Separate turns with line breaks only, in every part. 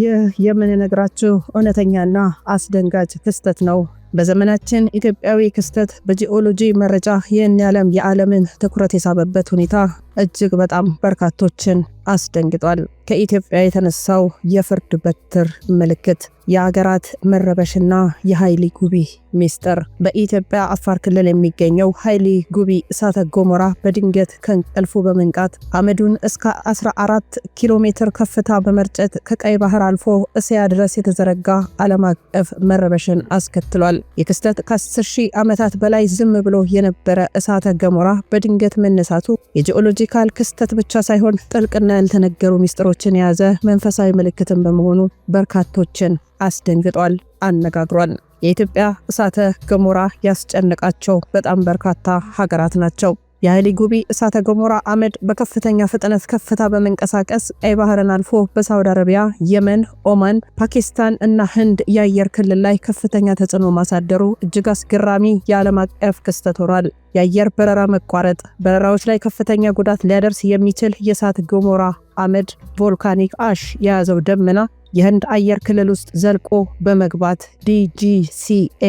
ይህ የምንነግራችሁ እውነተኛና አስደንጋጭ ክስተት ነው በዘመናችን ኢትዮጵያዊ ክስተት በጂኦሎጂ መረጃ ይህን ያለም የዓለምን ትኩረት የሳበበት ሁኔታ እጅግ በጣም በርካቶችን አስደንግጧል። ከኢትዮጵያ የተነሳው የፍርድ በትር ምልክት፣ የአገራት መረበሽና የኃይሊ ጉቢ ሚስጥር። በኢትዮጵያ አፋር ክልል የሚገኘው ኃይሊ ጉቢ እሳተ ገሞራ በድንገት ከእንቅልፉ በመንቃት አመዱን እስከ 14 ኪሎ ሜትር ከፍታ በመርጨት ከቀይ ባህር አልፎ እስያ ድረስ የተዘረጋ ዓለም አቀፍ መረበሽን አስከትሏል። የክስተት ከ10 ሺህ ዓመታት በላይ ዝም ብሎ የነበረ እሳተ ገሞራ በድንገት መነሳቱ የጂኦሎጂካል ክስተት ብቻ ሳይሆን ጥልቅና ያልተነገሩ ሚስጥሮችን የያዘ መንፈሳዊ ምልክትን በመሆኑ በርካቶችን አስደንግጧል፣ አነጋግሯል። የኢትዮጵያ እሳተ ገሞራ ያስጨነቃቸው በጣም በርካታ ሀገራት ናቸው። የአሊ ጉቢ እሳተ ገሞራ አመድ በከፍተኛ ፍጥነት ከፍታ በመንቀሳቀስ ቀይ ባህርን አልፎ በሳውዲ አረቢያ፣ የመን፣ ኦማን፣ ፓኪስታን እና ህንድ የአየር ክልል ላይ ከፍተኛ ተጽዕኖ ማሳደሩ እጅግ አስገራሚ የዓለም አቀፍ ክስተት ሆኗል። የአየር በረራ መቋረጥ፣ በረራዎች ላይ ከፍተኛ ጉዳት ሊያደርስ የሚችል የእሳተ ገሞራ አመድ ቮልካኒክ አሽ የያዘው ደመና የህንድ አየር ክልል ውስጥ ዘልቆ በመግባት ዲጂሲኤ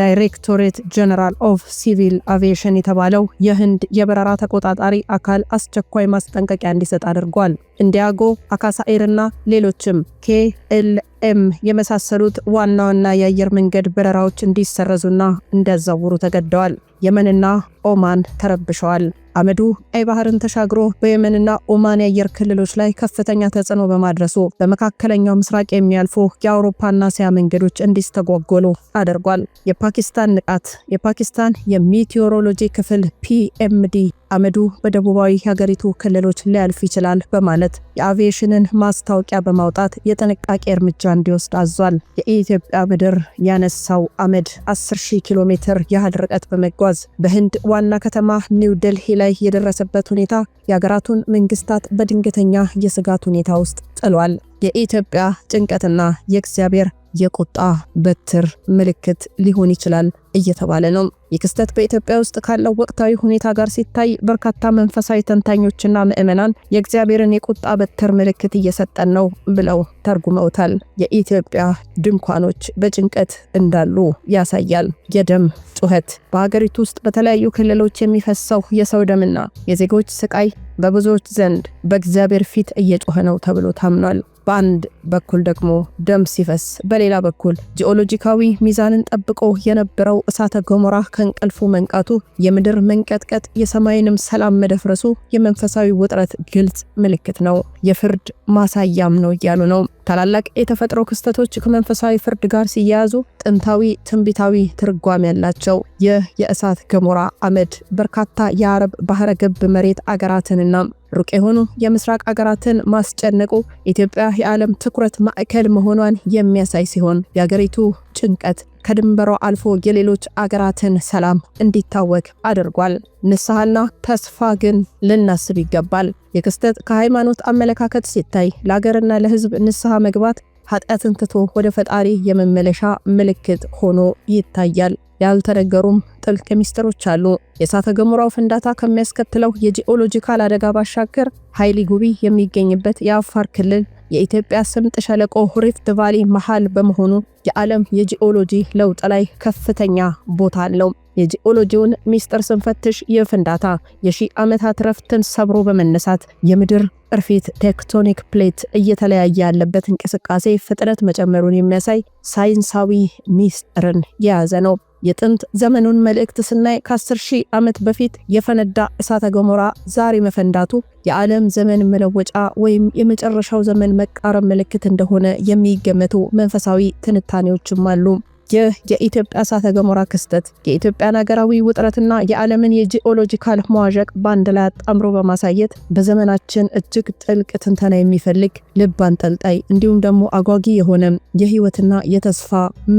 ዳይሬክቶሬት ጀነራል ኦፍ ሲቪል አቪዬሽን የተባለው የህንድ የበረራ ተቆጣጣሪ አካል አስቸኳይ ማስጠንቀቂያ እንዲሰጥ አድርጓል። እንዲያጎ አካሳኤርና ሌሎችም ኬኤል ኤም የመሳሰሉት ዋና ዋና የአየር መንገድ በረራዎች እንዲሰረዙና እንዲያዛውሩ ተገደዋል። የመንና ኦማን ተረብሸዋል። አመዱ ቀይ ባህርን ተሻግሮ በየመንና ኦማን የአየር ክልሎች ላይ ከፍተኛ ተጽዕኖ በማድረሱ በመካከለኛው ምስራቅ የሚያልፉ የአውሮፓና እስያ መንገዶች እንዲስተጓጎሉ አድርጓል። የፓኪስታን ንቃት የፓኪስታን የሚቴዎሮሎጂ ክፍል ፒኤምዲ አመዱ በደቡባዊ የሀገሪቱ ክልሎች ሊያልፍ ይችላል በማለት የአቪዬሽንን ማስታወቂያ በማውጣት የጥንቃቄ እርምጃ እንዲወስድ አዟል። የኢትዮጵያ ምድር ያነሳው አመድ 10,000 ኪሎ ሜትር ያህል ርቀት በመጓዝ በህንድ ዋና ከተማ ኒው ደልሂ ላይ ላይ የደረሰበት ሁኔታ የሀገራቱን መንግስታት በድንገተኛ የስጋት ሁኔታ ውስጥ ጥሏል። የኢትዮጵያ ጭንቀትና የእግዚአብሔር የቁጣ በትር ምልክት ሊሆን ይችላል እየተባለ ነው። ይህ ክስተት በኢትዮጵያ ውስጥ ካለው ወቅታዊ ሁኔታ ጋር ሲታይ በርካታ መንፈሳዊ ተንታኞችና ምዕመናን የእግዚአብሔርን የቁጣ በትር ምልክት እየሰጠን ነው ብለው ተርጉመውታል። የኢትዮጵያ ድንኳኖች በጭንቀት እንዳሉ ያሳያል። የደም ጩኸት፣ በሀገሪቱ ውስጥ በተለያዩ ክልሎች የሚፈሰው የሰው ደምና የዜጎች ስቃይ በብዙዎች ዘንድ በእግዚአብሔር ፊት እየጮኸ ነው ተብሎ ታምኗል። በአንድ በኩል ደግሞ ደም ሲፈስ፣ በሌላ በኩል ጂኦሎጂካዊ ሚዛንን ጠብቆ የነበረው እሳተ ገሞራ ከእንቅልፉ መንቃቱ፣ የምድር መንቀጥቀጥ፣ የሰማይንም ሰላም መደፍረሱ የመንፈሳዊ ውጥረት ግልጽ ምልክት ነው፣ የፍርድ ማሳያም ነው እያሉ ነው። ታላላቅ የተፈጥሮ ክስተቶች ከመንፈሳዊ ፍርድ ጋር ሲያያዙ ጥንታዊ ትንቢታዊ ትርጓም ያላቸው። ይህ የእሳተ ገሞራ አመድ በርካታ የአረብ ባህረ ገብ መሬት አገራትንና ሩቅ የሆኑ የምስራቅ አገራትን ማስጨነቁ ኢትዮጵያ የዓለም ትኩረት ማዕከል መሆኗን የሚያሳይ ሲሆን የአገሪቱ ጭንቀት ከድንበሯ አልፎ የሌሎች አገራትን ሰላም እንዲታወክ አድርጓል። ንስሐና ተስፋ ግን ልናስብ ይገባል። የክስተት ከሃይማኖት አመለካከት ሲታይ ለአገርና ለሕዝብ ንስሐ መግባት ኃጢአትን ትቶ ወደ ፈጣሪ የመመለሻ ምልክት ሆኖ ይታያል። ያልተነገሩም ጥልቅ ሚስጥሮች አሉ። የእሳተ ገሞራው ፍንዳታ ከሚያስከትለው የጂኦሎጂካል አደጋ ባሻገር ኃይሊ ጉቢ የሚገኝበት የአፋር ክልል የኢትዮጵያ ስምጥ ሸለቆ ሪፍት ቫሊ መሃል በመሆኑ የዓለም የጂኦሎጂ ለውጥ ላይ ከፍተኛ ቦታ አለው። የጂኦሎጂውን ሚስጥር ስንፈትሽ ይህ ፍንዳታ የሺህ ዓመታት ረፍትን ሰብሮ በመነሳት የምድር ቅርፊት ቴክቶኒክ ፕሌት እየተለያየ ያለበት እንቅስቃሴ ፍጥነት መጨመሩን የሚያሳይ ሳይንሳዊ ሚስጥርን የያዘ ነው። የጥንት ዘመኑን መልእክት ስናይ ከ10 ሺህ ዓመት በፊት የፈነዳ እሳተ ገሞራ ዛሬ መፈንዳቱ የዓለም ዘመን መለወጫ ወይም የመጨረሻው ዘመን መቃረብ ምልክት እንደሆነ የሚገመቱ መንፈሳዊ ትንታኔዎችም አሉ። ይህ የኢትዮጵያ እሳተ ገሞራ ክስተት የኢትዮጵያን ሀገራዊ ውጥረትና የዓለምን የጂኦሎጂካል መዋዠቅ በአንድ ላይ አጣምሮ በማሳየት በዘመናችን እጅግ ጥልቅ ትንተና የሚፈልግ ልብ አንጠልጣይ እንዲሁም ደግሞ አጓጊ የሆነ የህይወትና የተስፋ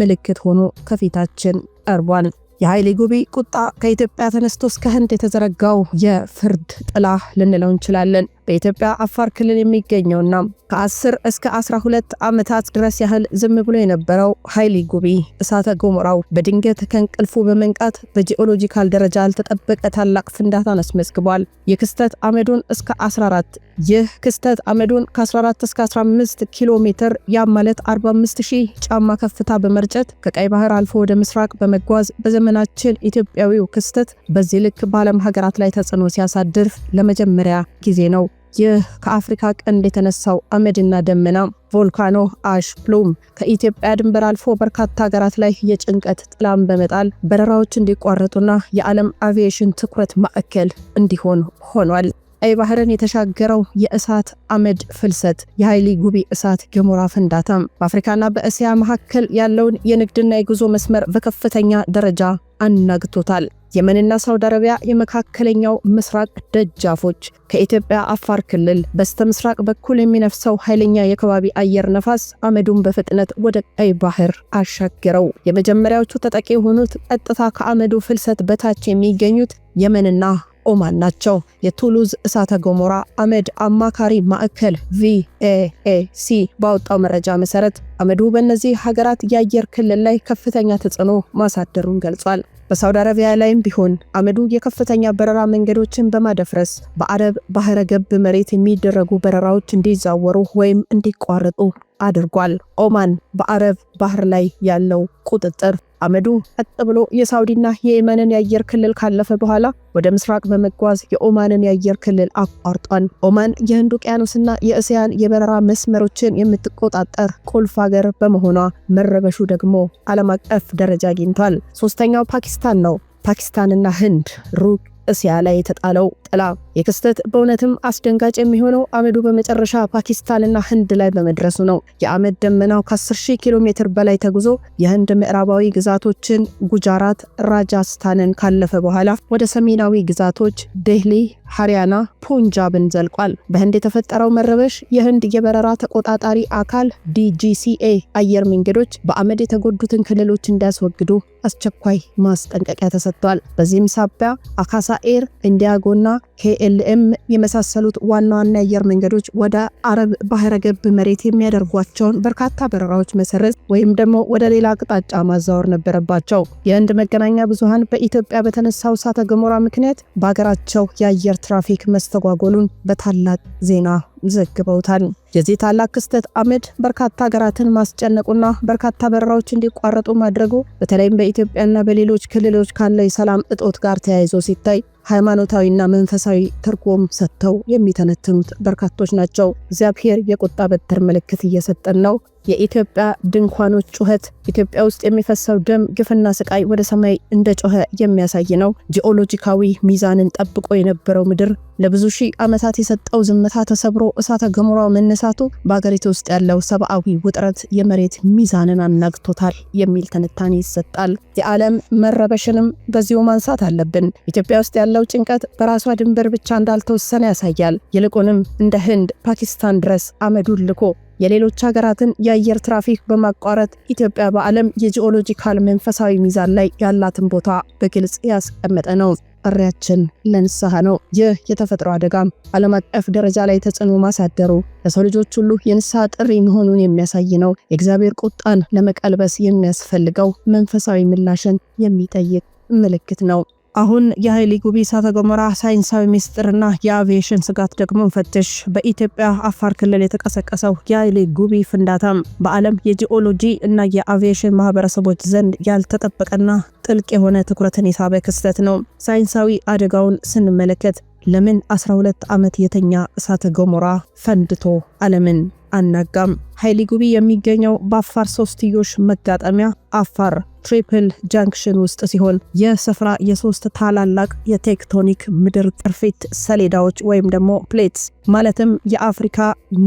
ምልክት ሆኖ ከፊታችን ቀርቧል። የኃይሌ ጉቢ ቁጣ ከኢትዮጵያ ተነስቶ እስከ ህንድ የተዘረጋው የፍርድ ጥላ ልንለው እንችላለን። በኢትዮጵያ አፋር ክልል የሚገኘውና ከ10 እስከ 12 ዓመታት ድረስ ያህል ዝም ብሎ የነበረው ኃይሊ ጉቢ እሳተ ገሞራው በድንገት ከእንቅልፉ በመንቃት በጂኦሎጂካል ደረጃ ያልተጠበቀ ታላቅ ፍንዳታን አስመዝግቧል። የክስተት አመዱን እስከ 14 ይህ ክስተት አመዱን ከ14 እስከ 15 ኪሎ ሜትር ያም ማለት 45000 ጫማ ከፍታ በመርጨት ከቀይ ባህር አልፎ ወደ ምስራቅ በመጓዝ በዘመናችን ኢትዮጵያዊው ክስተት በዚህ ልክ በዓለም ሀገራት ላይ ተጽዕኖ ሲያሳድር ለመጀመሪያ ጊዜ ነው። ይህ ከአፍሪካ ቀንድ የተነሳው አመድና ደመና ቮልካኖ አሽ ፕሉም ከኢትዮጵያ ድንበር አልፎ በርካታ ሀገራት ላይ የጭንቀት ጥላም በመጣል በረራዎች እንዲቋረጡና የዓለም አቪዬሽን ትኩረት ማዕከል እንዲሆን ሆኗል። ቀይ ባህርን የተሻገረው የእሳት አመድ ፍልሰት፣ የኃይሊ ጉቢ እሳት ገሞራ ፍንዳታም በአፍሪካና በእስያ መካከል ያለውን የንግድና የጉዞ መስመር በከፍተኛ ደረጃ አናግቶታል። የመንና ሳውዲ አረቢያ የመካከለኛው ምስራቅ ደጃፎች፣ ከኢትዮጵያ አፋር ክልል በስተ ምስራቅ በኩል የሚነፍሰው ኃይለኛ የከባቢ አየር ነፋስ አመዱን በፍጥነት ወደ ቀይ ባህር አሻገረው። የመጀመሪያዎቹ ተጠቂ የሆኑት ቀጥታ ከአመዱ ፍልሰት በታች የሚገኙት የመንና ኦማን ናቸው። የቱሉዝ እሳተ ገሞራ አመድ አማካሪ ማዕከል ቪኤኤሲ ባወጣው መረጃ መሰረት አመዱ በእነዚህ ሀገራት የአየር ክልል ላይ ከፍተኛ ተጽዕኖ ማሳደሩን ገልጿል። በሳውዲ አረቢያ ላይም ቢሆን አመዱ የከፍተኛ በረራ መንገዶችን በማደፍረስ በአረብ ባህረ ገብ መሬት የሚደረጉ በረራዎች እንዲዛወሩ ወይም እንዲቋረጡ አድርጓል። ኦማን በአረብ ባህር ላይ ያለው ቁጥጥር አመዱ ቀጥ ብሎ የሳውዲና የየመንን የአየር ክልል ካለፈ በኋላ ወደ ምስራቅ በመጓዝ የኦማንን የአየር ክልል አቋርጧል። ኦማን የህንድ ውቅያኖስና የእስያን የበረራ መስመሮችን የምትቆጣጠር ቁልፍ ሀገር በመሆኗ መረበሹ ደግሞ ዓለም አቀፍ ደረጃ አግኝቷል። ሶስተኛው ፓኪስታን ነው። ፓኪስታንና ህንድ ሩቅ እስያ ላይ የተጣለው ጥላ። የክስተት በእውነትም አስደንጋጭ የሚሆነው አመዱ በመጨረሻ ፓኪስታንና ህንድ ላይ በመድረሱ ነው። የአመድ ደመናው ከ10,000 ኪሎ ሜትር በላይ ተጉዞ የህንድ ምዕራባዊ ግዛቶችን ጉጃራት፣ ራጃስታንን ካለፈ በኋላ ወደ ሰሜናዊ ግዛቶች ዴህሊ፣ ሃሪያና ፑንጃብን ዘልቋል። በህንድ የተፈጠረው መረበሽ የህንድ የበረራ ተቆጣጣሪ አካል ዲጂሲኤ አየር መንገዶች በአመድ የተጎዱትን ክልሎች እንዲያስወግዱ አስቸኳይ ማስጠንቀቂያ ተሰጥቷል። በዚህም ሳቢያ አካሳ ኤር፣ ኢንዲያጎና ኬኤልኤም የመሳሰሉት ዋና ዋና የአየር መንገዶች ወደ አረብ ባህረ ገብ መሬት የሚያደርጓቸውን በርካታ በረራዎች መሰረዝ ወይም ደግሞ ወደ ሌላ አቅጣጫ ማዛወር ነበረባቸው። የህንድ መገናኛ ብዙሃን በኢትዮጵያ በተነሳው እሳተ ገሞራ ምክንያት በሀገራቸው የአየር የአየር ትራፊክ መስተጓጎሉን በታላቅ ዜና ዘግበውታል። የዚህ ታላቅ ክስተት አመድ በርካታ ሀገራትን ማስጨነቁና በርካታ በረራዎች እንዲቋረጡ ማድረጉ በተለይም በኢትዮጵያና በሌሎች ክልሎች ካለ የሰላም እጦት ጋር ተያይዞ ሲታይ ሃይማኖታዊና መንፈሳዊ ትርጉም ሰጥተው የሚተነትኑት በርካቶች ናቸው። እግዚአብሔር የቁጣ በትር ምልክት እየሰጠን ነው። የኢትዮጵያ ድንኳኖች ጩኸት ኢትዮጵያ ውስጥ የሚፈሰው ደም፣ ግፍና ስቃይ ወደ ሰማይ እንደ ጮኸ የሚያሳይ ነው። ጂኦሎጂካዊ ሚዛንን ጠብቆ የነበረው ምድር ለብዙ ሺህ ዓመታት የሰጠው ዝምታ ተሰብሮ እሳተ ገሞራው መነሳቱ በሀገሪቱ ውስጥ ያለው ሰብአዊ ውጥረት የመሬት ሚዛንን አናግቶታል የሚል ትንታኔ ይሰጣል። የዓለም መረበሽንም በዚሁ ማንሳት አለብን። ኢትዮጵያ ውስጥ ያለው ጭንቀት በራሷ ድንበር ብቻ እንዳልተወሰነ ያሳያል። ይልቁንም እንደ ህንድ፣ ፓኪስታን ድረስ አመዱን ልኮ የሌሎች ሀገራትን የአየር ትራፊክ በማቋረጥ ኢትዮጵያ በዓለም የጂኦሎጂካል መንፈሳዊ ሚዛን ላይ ያላትን ቦታ በግልጽ ያስቀመጠ ነው። ጥሪያችን ለንስሐ ነው። ይህ የተፈጥሮ አደጋም ዓለም አቀፍ ደረጃ ላይ ተጽዕኖ ማሳደሩ ለሰው ልጆች ሁሉ የንስሐ ጥሪ መሆኑን የሚያሳይ ነው። የእግዚአብሔር ቁጣን ለመቀልበስ የሚያስፈልገው መንፈሳዊ ምላሽን የሚጠይቅ ምልክት ነው። አሁን የኃይሊ ጉቢ እሳተ ገሞራ ሳይንሳዊ ምስጢርና የአቪዬሽን ስጋት ደግሞ ፈትሽ በኢትዮጵያ አፋር ክልል የተቀሰቀሰው የኃይሊ ጉቢ ፍንዳታም በዓለም የጂኦሎጂ እና የአቪዬሽን ማህበረሰቦች ዘንድ ያልተጠበቀና ጥልቅ የሆነ ትኩረትን የሳበ ክስተት ነው። ሳይንሳዊ አደጋውን ስንመለከት ለምን 12 ዓመት የተኛ እሳተ ገሞራ ፈንድቶ ዓለምን አናጋም። ኃይሊ ጉቢ የሚገኘው በአፋር ሶስትዮሽ መጋጠሚያ አፋር ትሪፕል ጃንክሽን ውስጥ ሲሆን የስፍራ የሶስት ታላላቅ የቴክቶኒክ ምድር ቅርፊት ሰሌዳዎች ወይም ደግሞ ፕሌትስ ማለትም የአፍሪካ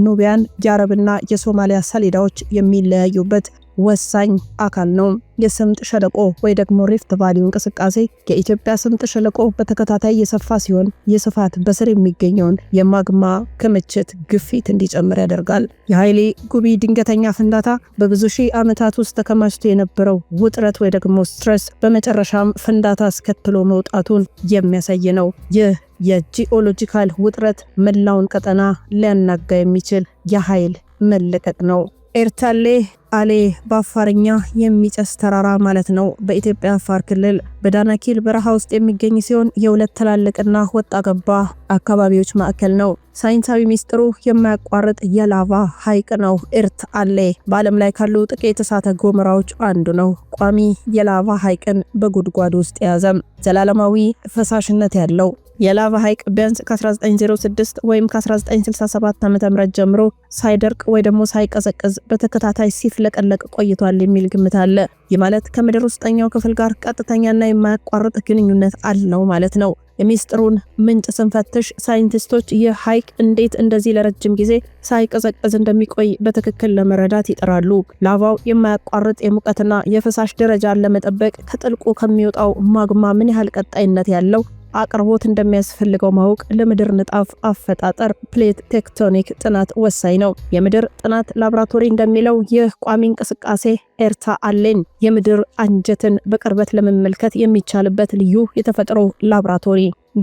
ኑቢያን፣ የአረብና የሶማሊያ ሰሌዳዎች የሚለያዩበት ወሳኝ አካል ነው። የስምጥ ሸለቆ ወይ ደግሞ ሪፍት ቫሊ እንቅስቃሴ የኢትዮጵያ ስምጥ ሸለቆ በተከታታይ የሰፋ ሲሆን የስፋት በስር የሚገኘውን የማግማ ክምችት ግፊት እንዲጨምር ያደርጋል። የኃይሌ ጉቢ ድንገተኛ ፍንዳታ በብዙ ሺህ ዓመታት ውስጥ ተከማችቶ የነበረው ውጥረት ወይ ደግሞ ስትረስ በመጨረሻም ፍንዳታ አስከትሎ መውጣቱን የሚያሳይ ነው። ይህ የጂኦሎጂካል ውጥረት መላውን ቀጠና ሊያናጋ የሚችል የኃይል መለቀቅ ነው። ኤርታሌ አሌ በአፋርኛ የሚጨስ ተራራ ማለት ነው። በኢትዮጵያ አፋር ክልል በዳናኪል በረሃ ውስጥ የሚገኝ ሲሆን የሁለት ትላልቅና ወጣ ገባ አካባቢዎች ማዕከል ነው። ሳይንሳዊ ሚስጥሩ የማያቋርጥ የላቫ ሐይቅ ነው። ኤርት አሌ በዓለም ላይ ካሉ ጥቂት እሳተ ገሞራዎች አንዱ ነው። ቋሚ የላቫ ሐይቅን በጉድጓድ ውስጥ የያዘም ዘላለማዊ ፈሳሽነት ያለው የላቫ ሐይቅ ቢያንስ ከ1906 ወይም ከ1967 .ም ጀምሮ ሳይደርቅ ወይ ደግሞ ሳይቀዘቅዝ በተከታታይ ሲፍለቀለቅ ቆይቷል የሚል ግምት አለ። ይህ ማለት ከምድር ውስጠኛው ክፍል ጋር ቀጥተኛና የማያቋርጥ ግንኙነት አለው ማለት ነው። የሚስጥሩን ምንጭ ስንፈትሽ ሳይንቲስቶች ይህ ሐይቅ እንዴት እንደዚህ ለረጅም ጊዜ ሳይቀዘቅዝ እንደሚቆይ በትክክል ለመረዳት ይጥራሉ። ላቫው የማያቋርጥ የሙቀትና የፍሳሽ ደረጃን ለመጠበቅ ከጥልቁ ከሚወጣው ማግማ ምን ያህል ቀጣይነት ያለው አቅርቦት እንደሚያስፈልገው ማወቅ ለምድር ንጣፍ አፈጣጠር ፕሌት ቴክቶኒክ ጥናት ወሳኝ ነው። የምድር ጥናት ላብራቶሪ እንደሚለው ይህ ቋሚ እንቅስቃሴ ኤርታ አሌን የምድር አንጀትን በቅርበት ለመመልከት የሚቻልበት ልዩ የተፈጥሮ ላብራቶሪ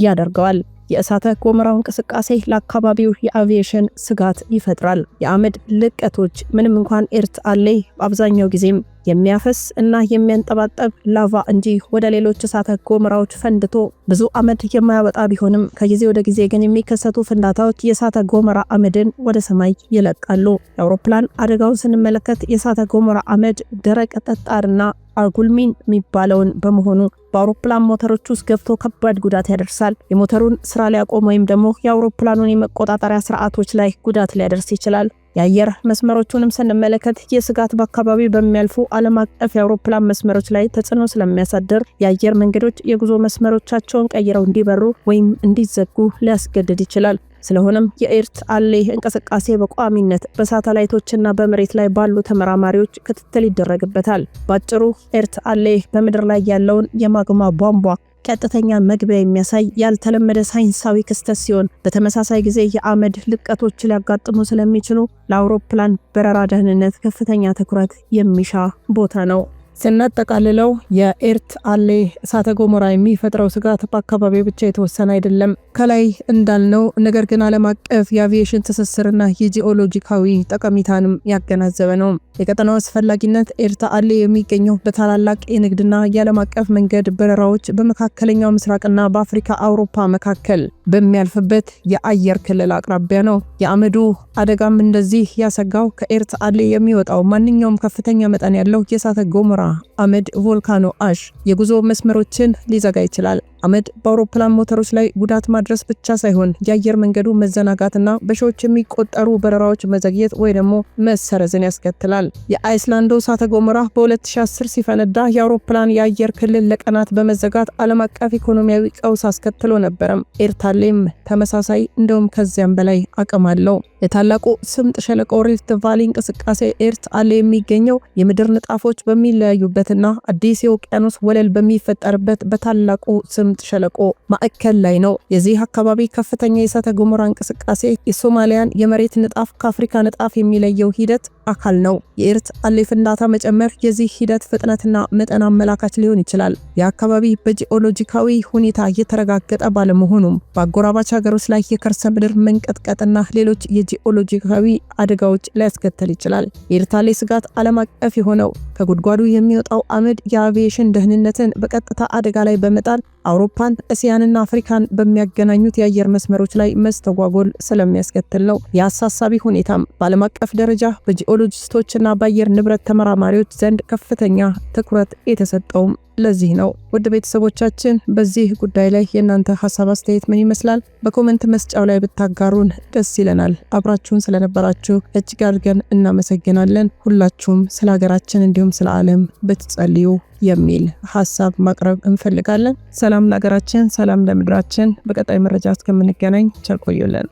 ያደርገዋል። የእሳተ ጎመራው እንቅስቃሴ ለአካባቢው የአቪዬሽን ስጋት ይፈጥራል። የአመድ ልቀቶች ምንም እንኳን ኤርታ አሌ በአብዛኛው ጊዜም የሚያፈስ እና የሚያንጠባጠብ ላቫ እንጂ ወደ ሌሎች እሳተ ገሞራዎች ፈንድቶ ብዙ አመድ የማያወጣ ቢሆንም ከጊዜ ወደ ጊዜ ግን የሚከሰቱ ፍንዳታዎች የእሳተ ገሞራ አመድን ወደ ሰማይ ይለቃሉ። የአውሮፕላን አደጋውን ስንመለከት የእሳተ ገሞራ አመድ ደረቅ ጠጣርና አርጉልሚን የሚባለውን በመሆኑ በአውሮፕላን ሞተሮች ውስጥ ገብቶ ከባድ ጉዳት ያደርሳል። የሞተሩን ስራ ሊያቆም ወይም ደግሞ የአውሮፕላኑን የመቆጣጠሪያ ስርዓቶች ላይ ጉዳት ሊያደርስ ይችላል። የአየር መስመሮቹንም ስንመለከት የስጋት በአካባቢ በሚያልፉ ዓለም አቀፍ የአውሮፕላን መስመሮች ላይ ተጽዕኖ ስለሚያሳድር የአየር መንገዶች የጉዞ መስመሮቻቸውን ቀይረው እንዲበሩ ወይም እንዲዘጉ ሊያስገድድ ይችላል። ስለሆነም የኤርት አሌ እንቅስቃሴ በቋሚነት በሳተላይቶችና በመሬት ላይ ባሉ ተመራማሪዎች ክትትል ይደረግበታል። ባጭሩ ኤርት አሌ በምድር ላይ ያለውን የማግማ ቧንቧ ቀጥተኛ መግቢያ የሚያሳይ ያልተለመደ ሳይንሳዊ ክስተት ሲሆን በተመሳሳይ ጊዜ የአመድ ልቀቶች ሊያጋጥሙ ስለሚችሉ ለአውሮፕላን በረራ ደህንነት ከፍተኛ ትኩረት የሚሻ ቦታ ነው። ስናጠቃልለው የኤርት አሌ እሳተ ገሞራ የሚፈጥረው ስጋት በአካባቢው ብቻ የተወሰነ አይደለም። ከላይ እንዳልነው ነገር ግን ዓለም አቀፍ የአቪዬሽን ትስስርና የጂኦሎጂካዊ ጠቀሜታንም ያገናዘበ ነው። የቀጠናው አስፈላጊነት ኤርት አሌ የሚገኘው በታላላቅ የንግድና የዓለም አቀፍ መንገድ በረራዎች በመካከለኛው ምስራቅና በአፍሪካ አውሮፓ መካከል በሚያልፍበት የአየር ክልል አቅራቢያ ነው። የአመዱ አደጋም እንደዚህ ያሰጋው ከኤርት አሌ የሚወጣው ማንኛውም ከፍተኛ መጠን ያለው የእሳተ ገሞራ አመድ ቮልካኖ አሽ የጉዞ መስመሮችን ሊዘጋ ይችላል። አመድ በአውሮፕላን ሞተሮች ላይ ጉዳት ማድረስ ብቻ ሳይሆን የአየር መንገዱ መዘናጋትና በሺዎች የሚቆጠሩ በረራዎች መዘግየት ወይ ደግሞ መሰረዝን ያስከትላል። የአይስላንዶ እሳተ ገሞራ በ2010 ሲፈነዳ የአውሮፕላን የአየር ክልል ለቀናት በመዘጋት ዓለም አቀፍ ኢኮኖሚያዊ ቀውስ አስከትሎ ነበረም። ኤርታሌም ተመሳሳይ እንደውም ከዚያም በላይ አቅም አለው። የታላቁ ስምጥ ሸለቆ ሪፍት ቫሊ እንቅስቃሴ አለ የሚገኘው የምድር ንጣፎች በሚል በሚለያዩበትና አዲስ የውቅያኖስ ወለል በሚፈጠርበት በታላቁ ስምጥ ሸለቆ ማዕከል ላይ ነው። የዚህ አካባቢ ከፍተኛ የእሳተ ገሞራ እንቅስቃሴ የሶማሊያን የመሬት ንጣፍ ከአፍሪካ ንጣፍ የሚለየው ሂደት አካል ነው። የኤርት አሌ ፍንዳታ መጨመር የዚህ ሂደት ፍጥነትና መጠን አመላካች ሊሆን ይችላል። የአካባቢ በጂኦሎጂካዊ ሁኔታ እየተረጋገጠ ባለመሆኑም በአጎራባች ሀገሮች ላይ የከርሰ ምድር መንቀጥቀጥና ሌሎች የጂኦሎጂካዊ አደጋዎች ሊያስከተል ይችላል። የኤርት አሌ ስጋት ዓለም አቀፍ የሆነው ከጉድጓዱ የሚወጣው አመድ የአቪዬሽን ደህንነትን በቀጥታ አደጋ ላይ በመጣል አውሮፓን እስያንና አፍሪካን በሚያገናኙት የአየር መስመሮች ላይ መስተጓጎል ስለሚያስከትል ነው። የአሳሳቢ ሁኔታም በዓለም አቀፍ ደረጃ በጂኦሎጂስቶችና በአየር ንብረት ተመራማሪዎች ዘንድ ከፍተኛ ትኩረት የተሰጠውም ለዚህ ነው። ውድ ቤተሰቦቻችን በዚህ ጉዳይ ላይ የእናንተ ሀሳብ አስተያየት ምን ይመስላል? በኮመንት መስጫው ላይ ብታጋሩን ደስ ይለናል። አብራችሁን ስለነበራችሁ እጅግ አድርገን እናመሰግናለን። ሁላችሁም ስለ ሀገራችን እንዲሁም ስለ ዓለም ብትጸልዩ የሚል ሀሳብ ማቅረብ እንፈልጋለን። ሰላም ለሀገራችን፣ ሰላም ለምድራችን። በቀጣይ መረጃ እስከምንገናኝ ቸር ቆዩልን።